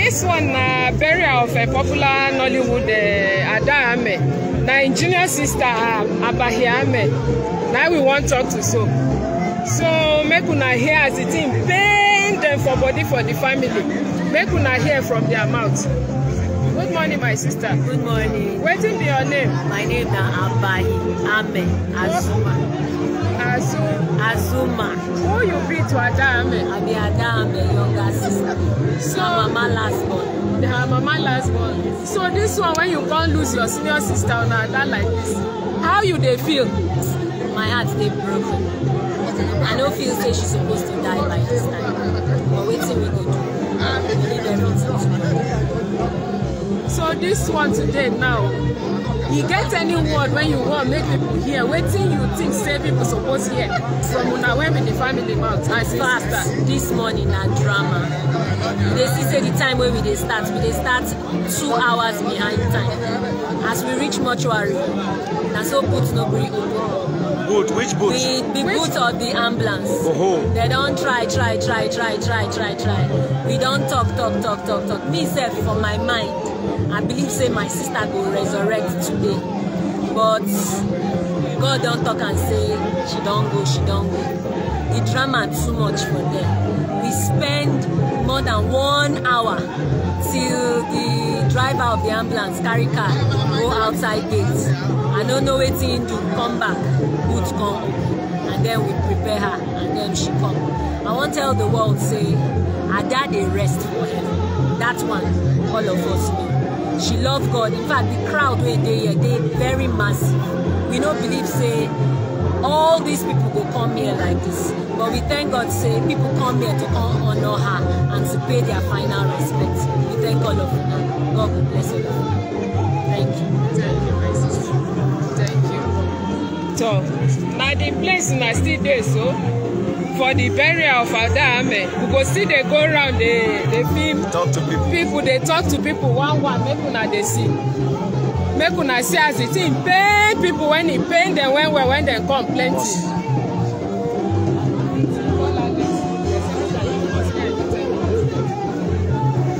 This one na uh, burial of a popular Nollywood uh, Ada Ahmed. Nigerian sister um, Abahi Now we want talk to so. So make una hear as the team paying them for body for the family. Make una hear from their mouth. Good morning, my sister. Good morning. What is your name? My name is Abahi Ahmed Azuma. Azu. Azuma. Who you be to Adame? I be Adame, younger sister. So her mama last born. Her mama last born. So this one, when you can't lose your senior sister on that like this, how you they feel? My heart they broken. I no feel say she's supposed to die by this time. But wetin we go do? We need everything to go. So this one today now, you get any word when you wan make people hear wetin you think say people suppose hear from una wey be the family mouth as sister. this morning na drama you dey see say the time wey we dey start we dey start two hours behind time as we reach mortuary na so boot no gree open. boot which boot. the the which? boot of the ambulance. oho they don try try try try try try try we don talk talk talk talk talk me sef for my mind i believe say my sister go resurrect today but god don talk and say she don go she don go the drama too much for them we spend more than one hour till the driver of the ambulance carry car go outside gate i no know wetin him do come back boot come and then we prepare her and then she come i wan tell the world say ada dey rest for heaven that one all of us know she loved god in fact the crowd wey they here they very massive we don't believe say all these people go come here like this, but we thank god say people come here to honor her and to pay their final respect we thank all of una god bless you. thank you thank you my sister thank you so now the place na still there, so for the burial of Ada Ahmed, we go see they go round dey dey film talk to people people they talk to people one one make una dey see make una see as the thing pain people when he pain them when well when they come plenty.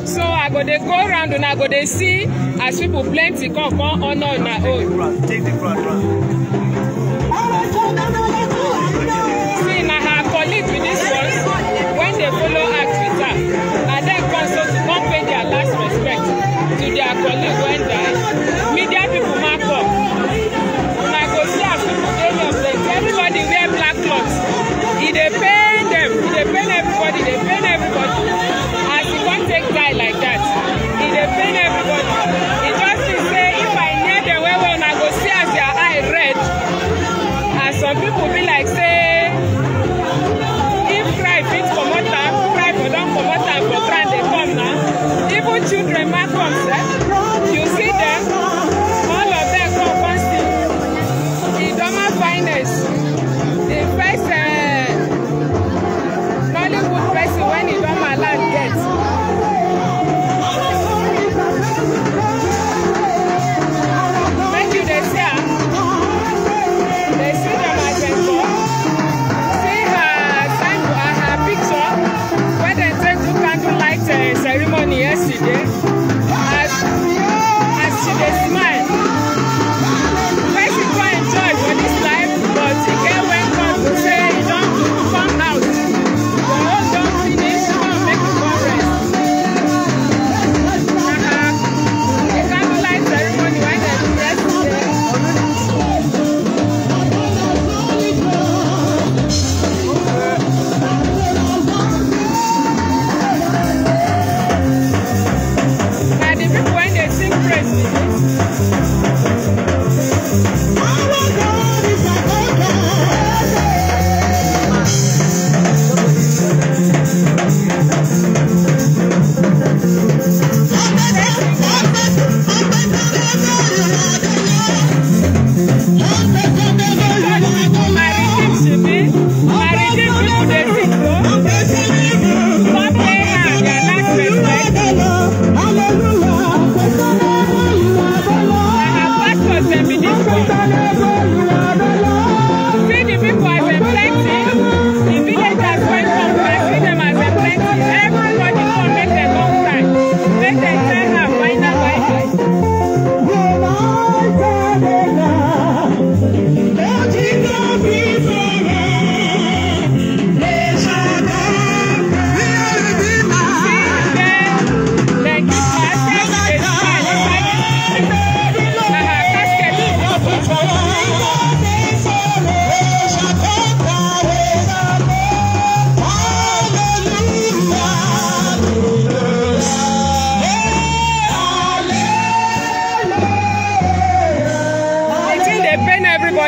so i go they go round una go they see as people plenty come come honour una own. take the crowd round.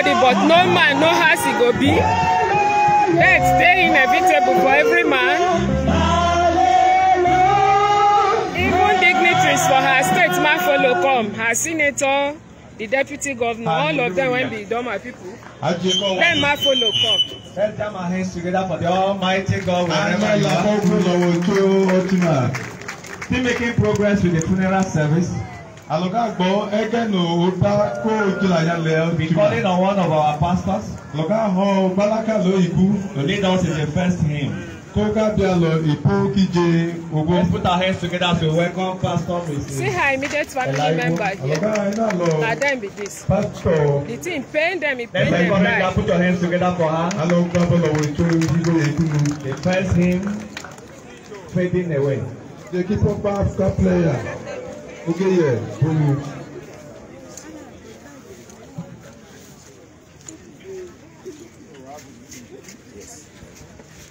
everybody but no man no how he go be death stay inevitable for every man even dignitaries for her state ma follow come her senator the deputy governor all of them wey be My people then, my follow come. Let's jam our hands together for the Almighty God wherever you are. Team making progress with the funeral service. Alogagbo egeno uta ko ojula ya le. Be calling on one of our pastors. Logaho balaka lo iku. To lead us in the first hymn. Koga Bialo Ipo Kije Ogo. Let's put our hands together to welcome Pastor Mrs. See her immediate family Elaibu. member here. Na them be this. Pastor. The thing pain them, it pain them right. Let's put your hands together for her. Hello, Gbabolo Ojo Ibo Ekunu. The first hymn, Fading Away. The keeper pastor player. Ukeye Bulu. Yes.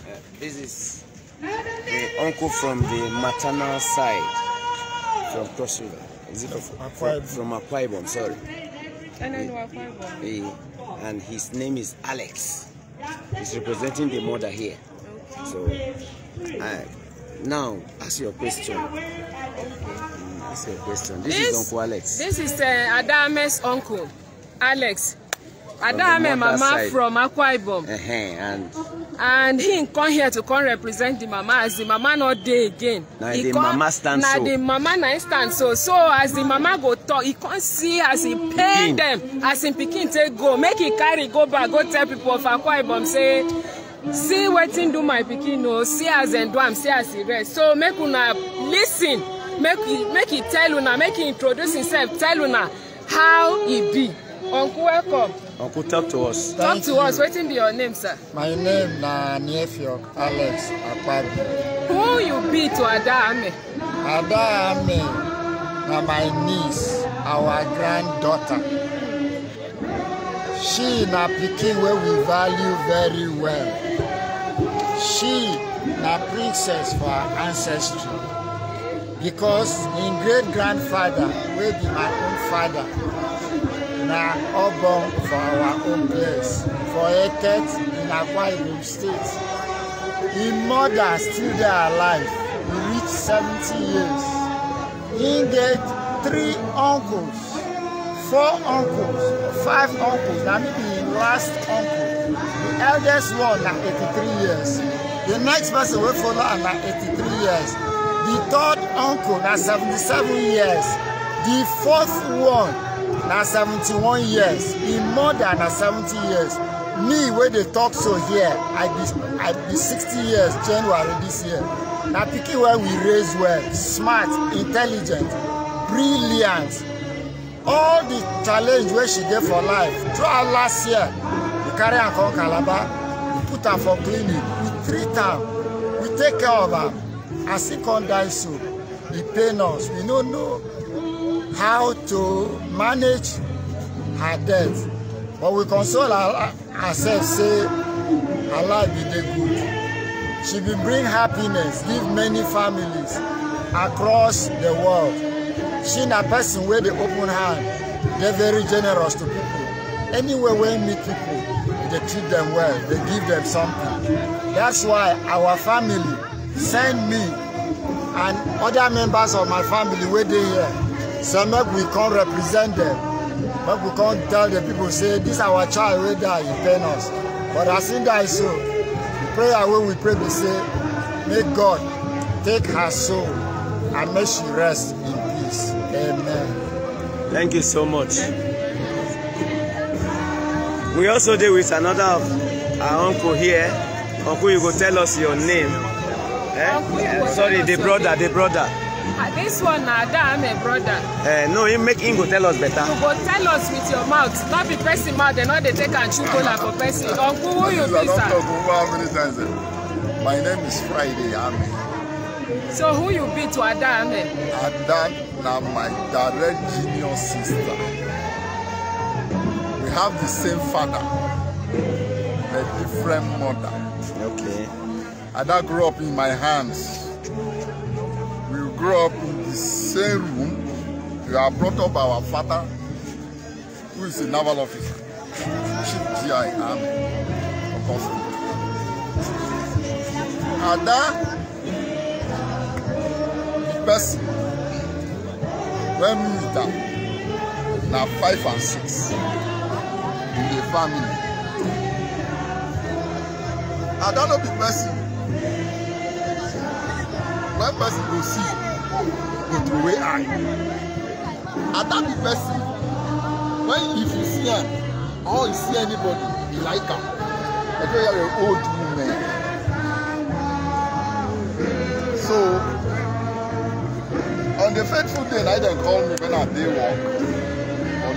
Uh, this is the uncle from the maternal side from Cross River. Is it from, from, from Akwaibo? sorry. and his name is Alex. He's representing the mother here. So, uh, now, ask your question. That's your question. This, this is Uncle Alex. This is uh, Adame's uncle, Alex. Adame Mama side. from Akwa Ibom. Uh -huh, and and he come here to come represent the mama as the mama not there again. Na the come, mama stand na so. Na the mama na stand so. So as the mama go talk, he can't see as he pay them, as him pikin take go, make he carry go back, go tell people of Akwa Ibom say see what thing do my pikin o, oh, see as dem do am, see as e rest. So make una lis ten make he make he tell una make he introduce himself tell una how he be uncle welcome. uncle talk to us. talk to you. us wetin be your name sir. my name na nefiok alex akpabi. who you be to ada ame. ada ame na my niece our granddaughter. she na pikin wey we value very well. she na princess for her ancestry because im great grandfather wey be my own father na born for our own place for eket in akwa ibom state im mother still dey alive e reach seventy years im get three uncles four uncles five uncles na me be im last uncle the eldest one na eighty-three years the next person wey follow am na eighty-three years the third uncle na 77 years the fourth one na 71 years im mother na 70 years me where they talk so here i be i be 60 years january this year na pikin where we raise well smart intelligent brilliant all the challenge where she dey for life throughout last year we carry am come calabar we put her for clinic we treat her. we take care of her as he come die so e pain us we no know how to manage her death but we console our, ourselves say her life be dey good she be bring happiness give many families across the world she na person wey dey open hand dey very generous to people anywhere wey meet people dey treat them well dey give them something that's why our family send me and other members of my family waiting here so make we come represent them. make we come tell the people say this our child wey die e pain us but as e die so the prayer wey we pray be say may God take her soul and make she rest in peace amen. thank you so much. we also deal with another our uncle here uncle you go tell us your name. Eh? eh? Sorry, the brother, the brother. Ah, this one Adam, that a brother. Uh, no, you make him go tell us better. You go tell us with your mouth. Not be pressing mouth, they not they take and chew cola for person. Uncle, who you be, sir? My name is Friday Ame. So who you be to Adam? Ame? Ada na my direct junior sister. We have the same father, but different mother. Okay and grew up in my hands. We grew up in the same room. We are brought up by our father, who is a naval officer, Chief GI Army, of course. And that the person, when we meet am, na five and six in the family. I don't know the person when person go see go throway eye that the person when if you see am or you see anybody you like am like you are an old woman so on the fateful day na dem call me when i dey work for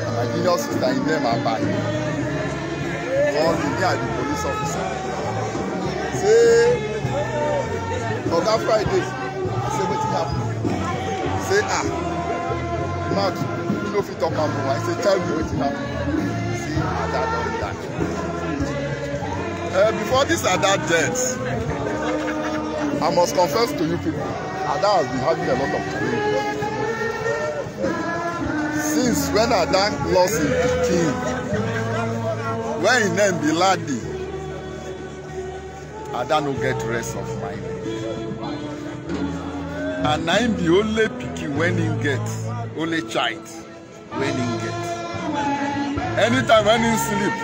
lagos and my junior sister in name abayi call me me i be police officer say. On that friday say wetin happen say ah Mark, you no fit talk am i say tell me what happen say ada don die uh, before this ada death i must confess to you people ada has been having a lot of pain since when ada lost him pikin when he named be ladi ada no get rest of mind and na him be only pikin when him get only child when him get anytime when him sleep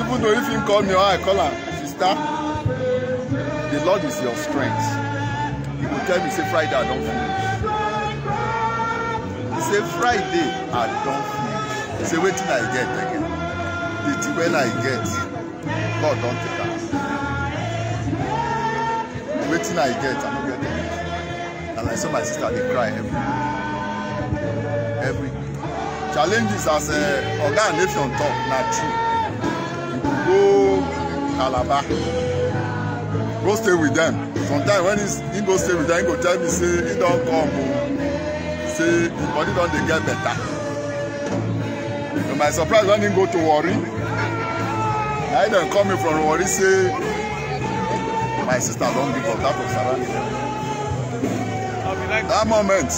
even though if him call me or oh, i call am sister the lord is your strength he go tell me say friday i don finish he say friday i don finish he say wetin i get again the thing wey i get god don take am wetin i get i no and I saw my sister dey cry every Every Challenges as uh, Oga and Nation talk na true. You go go Calabar, go stay with them. Sometimes when he go stay with them, he go tell me say he don come o, oh. say him body don dey get better. To my surprise when he go to Warri, na him dem call me from Warri say my sister don give up that of Sarani that moment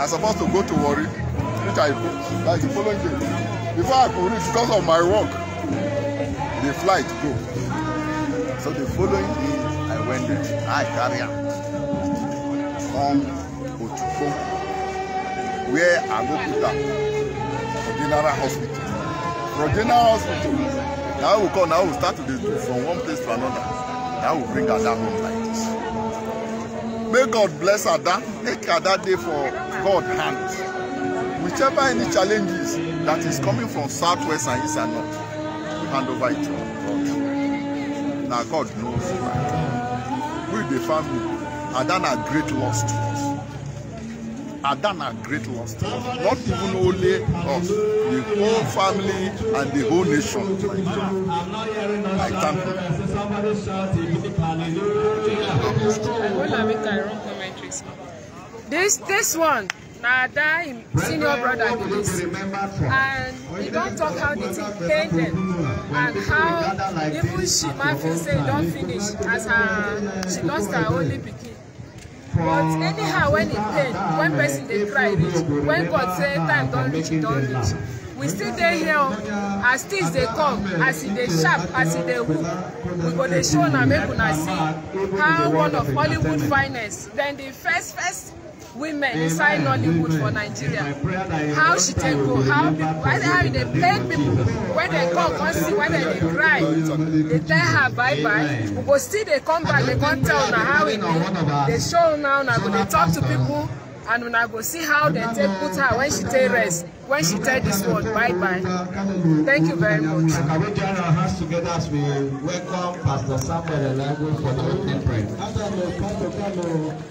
I suppose to go to Warri which I go like the following day before I go reach because of my work the flight go so the following day I went there I carry am come Otukpo where I go put am for general hospital for general hospital na we come na we start to dey do from one place to another na we bring her down home like this. May God bless Ada. Take Ada day for God hands. Whichever any challenges that is coming from southwest and east and north, we hand over it to God. Now God knows right. We the family. Ada na great loss to us. Ada great loss to us. Not even only us, the whole family and the whole nation. I thank you. This this one. na that him senior brother be this and he don talk how the thing pain dem and how even she ma feel say e don finish as her she lost her only pikin but anyhow when e pain when person dey cry reach when god say time don reach e don reach we still dey here o oh. as things dey come as e dey sharp as e dey hook we go dey show una make una see how one of hollywood finest dem the first first women inside Nollywood for Nigeria. How she take go, how people, how they pay people, when they come, come see, when they, cry, they tell her bye-bye, but still they come back, they come tell her how it is. They show now, now they talk to people, and when I go see how they take put her when she take rest when she take this world bye bye thank you very much. can we join our hands together as we welcome pastor samuel elagwe for the opening prayer.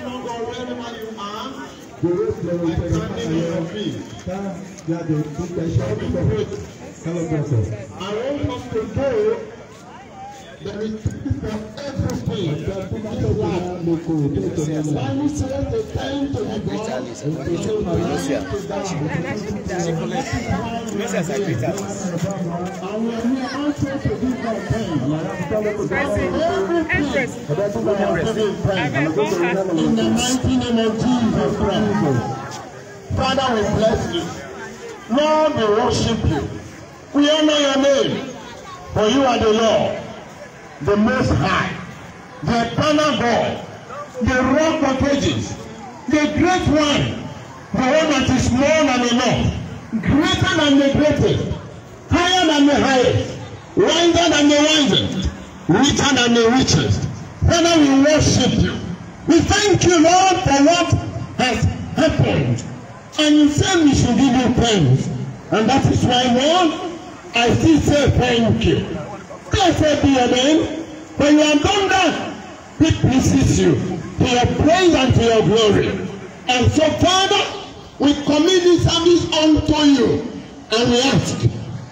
Gbèrè ìgbèrè ìgbèrè ayọ̀ ká jáde nígbà iṣẹ́ ọ̀dùnkọ̀ kálọ̀dọ̀kọ̀. Àwọn ọmọ ìgbèrè there is time everything. The time to be born is the time to time. Father, we bless you. Lord, we worship you. We honor your name, for you are the Lord, the Most High, the Eternal God, the Rock of Ages, the Great One, the one that is more than enough, greater than the greatest, higher than the highest, wiser than the wisest, richer than the richest. Father, we worship you. We thank you, Lord, for what has happened. And you say we should give you thanks, And that is why, Lord, I still say thank you. Blessed be your name. When you have done that, it pleases you to your praise and to your glory. And so, Father, we commit this service unto you. And we ask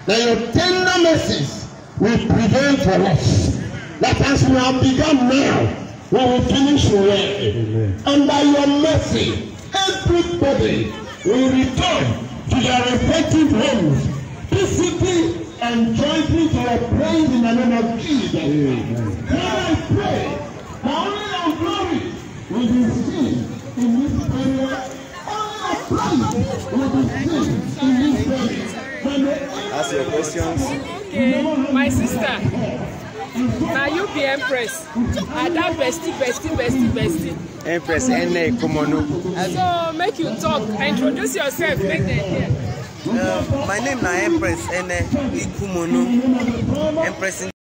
that your tender mercies will prevail for us. That as we have begun now, we will finish well. And by your mercy, everybody will return to their respective homes peacefully and jointly to our praise in the name of Jesus. Amen. I pray the only of glory will be seen in this area. Only of praise will be seen in this area. Ask your questions. Okay, my sister na you be empress ada ah, bestie bestie bestie bestie. empress ene ìkọmọnú. so make you talk introduce yourself make dem hear. Uh, my name na empress ene ikumonu empress.